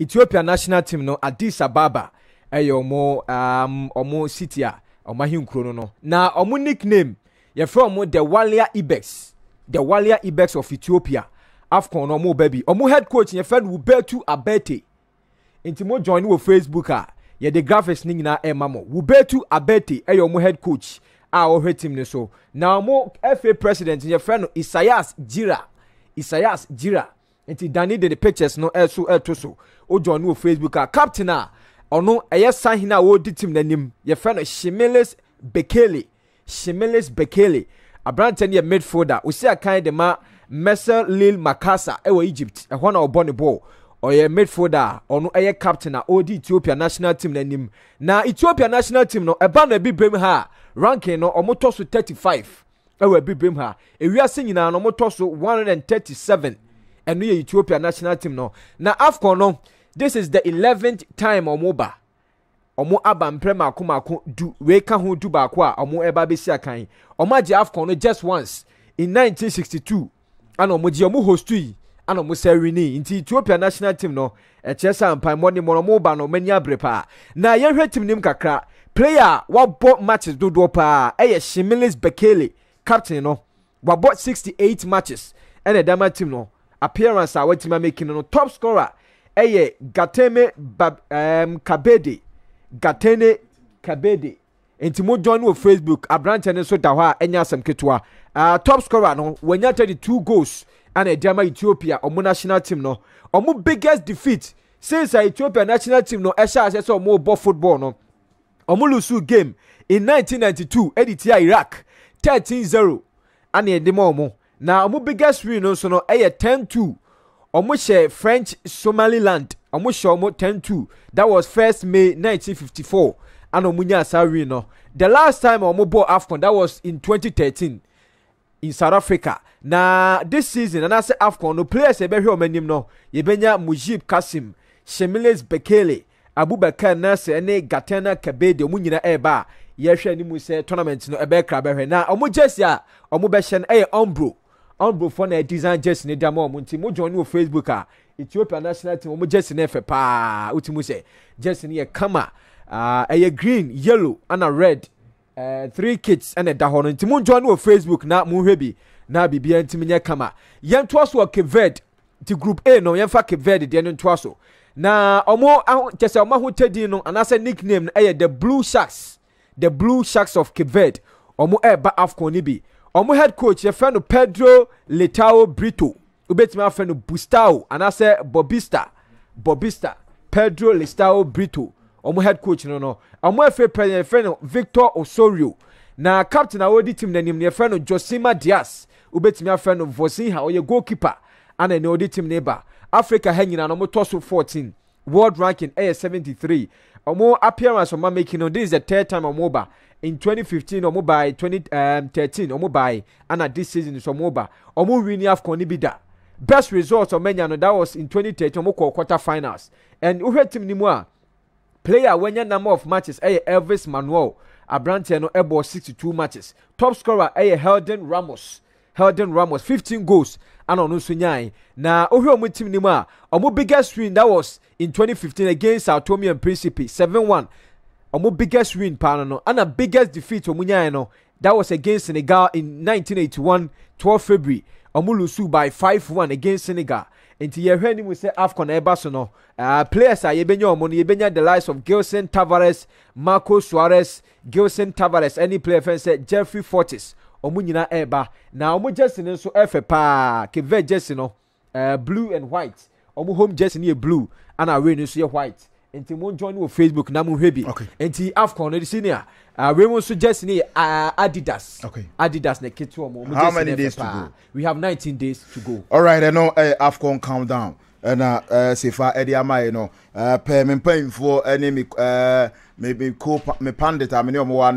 ethiopia national team no addis ababa ɛyɛ ɔmo um, ɔmo city a ɔmo ahenkuro no no na ɔmo nickname yɛfrɛ ɔmo the walia ibex the walia ibex of ethiopia afcon na ɔmo ba bi ɔmo head coach yɛfrɛ no wubetu abete nti mo join wɔ facebook a yɛde graphics ne nyinaa ɛma mo wubetu abete ɛyɛ ɔmo head coach a ɔhwɛ team ne so na ɔmo fa president yɛfrɛ no isaias jira isaias jira nti dani de ne pictures no ɛso ɛto so ogyɔn no wɔ facebook a captain a ɔno ɛyɛ sahin a wɔredi team n'anim yɛfrɛ no shimilis bekele shimilis bekele aberanteɛ no yɛ midfielder osi akan de ma mesel lil makasa ɛwɔ egypt ɛhɔ na ɔbɔ ne ball ɔyɛ midfielder a ɔno ɛyɛ captain a ɔredi ethiopia national team n'anim na ethiopia national team no ɛba no abibirem ha ranking no ɔmo tɔ so thirty five ɛwɔ abibirem ha ewiase nyinaa no ɔmo tɔ so one hundred and thirty seven ɛno yɛ ethiopia national team no na afcon no this is the eleventh time ɔmo ba ɔmo aba mpere mako mako du wei ka ho du baako a ɔmo ɛba bɛsi akan ɔmo agye afcon no just once in 1962 ɛna ɔmo gye ɔmo host yi ana mo sɛ rini nti ethiopia national team no ɛkyɛ sɛ mpammɔ ne mmɔnɔmɔ ba no mani abere paa na yɛhwɛ team nim kakra player a wabɔ matches dodoɔ paa ɛyɛ shimilis bekele captain no wabɔ 68 matches ɛna ɛdama team no appearance a watumi ameki no no top scorer ɛyɛ gateme bab um, kabede gatene kabede nti mo join wɔ facebook aberanteɛ no nso da hɔ a ɛnyɛ asɛm ketewa uh, top scorer no wanya two goals ɛna ɛde ama ethiopia ɔmo national team no ɔmo biggest defeat since a ethiopia national team no ɛhyɛ ahyɛ sɛ ɔmo bɔ football no ɔmo lusu game in 1992 ɛde tia iraq 13-0 ɛna ɛde ma ɔmo na wɔn biggest win no nso no yɛ ten two wɔn hyɛ french somaliland wɔn hyɛ wɔn ten two that was first may nineteen fifty four ana wɔn nya saa win no the last time wɔn bɔ afcon that was in twenty thirteen in south africa na this season anaasɛ afcon no players a yɛbɛhwɛ wɔn anim no yɛbɛnya mujib kasim shemilis bekele abubakar nasir ne gatana kabede wɔn nyinaa ɛreba a yɛhwɛ ne mu sɛ tournament no ɛbɛkra bɛhwɛ na wɔn jersey a wɔn bɛhyɛ no yɛ umbro ɔnbrofoɔ na ɛdesign jersey ne dam ɔmo nti mo join wɔ facebook a ethiopia national team ɔmo jersey ne fɛ paa wotimu sɛ jersey ne yɛ kama ah, ɛyɛ uh, green yellow ɛna red uh, three kits ɛna ɛda hɔ no nti mo join wɔ facebook na mo hwɛ bi na biribiara ntumi nyɛ kama yɛn to so wɔ keved ti group a no yɛn fa keved deɛ no to so na ɔmo aho kyɛ sɛ ɔmo ahotadi no anaasɛ nickname no ɛyɛ the blue sharks the blue sharks of keved ɔmo ɛɛba afcon ni bi wɔn head coach yɛfrɛ no pedro letao brito wobɛtumi afrɛ no bustao anaasɛ bobista bobista pedro letao brito wɔn head coach no no wɔn afei pɛ yɛfrɛ no victor osorio na captain a wɔredi team n'anim yɛfrɛ no josima diaz wobɛtumi afrɛ no vosinha ɔyɛ goalkeeper ana ɛna ɔde team ne ba africa ha nyinaa no wɔtɔ so fourteen world ranking ɛyɛ 73 ɔmo appearance ɔmo making no this is the third time ɔmo ba in 2015 ɔmo ba 2013 ɔmo ba ɛna this season is ɔmo ba ɔmo win afcon ni bi da best result ɔmo nya no that was in 2013 ɔmo kɔ quarter finals and wohwɛ team ni mu a player a wɔnyɛ number of matches ɛyɛ eh, elvis manuel aberanteɛ no ɛbɔ eh, 62 matches top scorer ɛyɛ eh, helden ramos. Helden Ramos 15 goals and on Usunyai. Now, Ohio Mutim ma. our biggest win that was in 2015 against Automi and Principe 7 1. Our biggest win, Panano, and our biggest defeat, no. that was against Senegal in 1981, 12 February. Omulusu by 5 1 against Senegal. nti yɛhwɛ mu sɛ afcon ɛba so no uh, players a yɛbɛnya ɔmo no yɛbɛnya the likes of gilson tavares marco suarez gilson tavares ɛne player fɛn sɛ jeffrey fortis wɔn nyinaa ɛreba na wɔn jersey no nso ɛfɛ paa kevɛ jersey no ɛɛ uh, blue and white wɔn home jersey ni yɛ blue ɛna away no nso yɛ white nti mo join wɔ facebook na mo hwɛ bi nti afcon no si nea away mo nso jersey ni yɛ adidas okay. adidas na ketewa mo wɔn jersey no ɛfɛ paa we have nineteen days to go. alright ɛno ɛyɛ eh, afcon countdown ɛna ɛɛ sefa ɛde ama yi no ɛɛ pɛɛ mi mpanyinfoɔ ɛne mi ɛɛ mi mi ko mi pandit a mi ne wɔn wɔ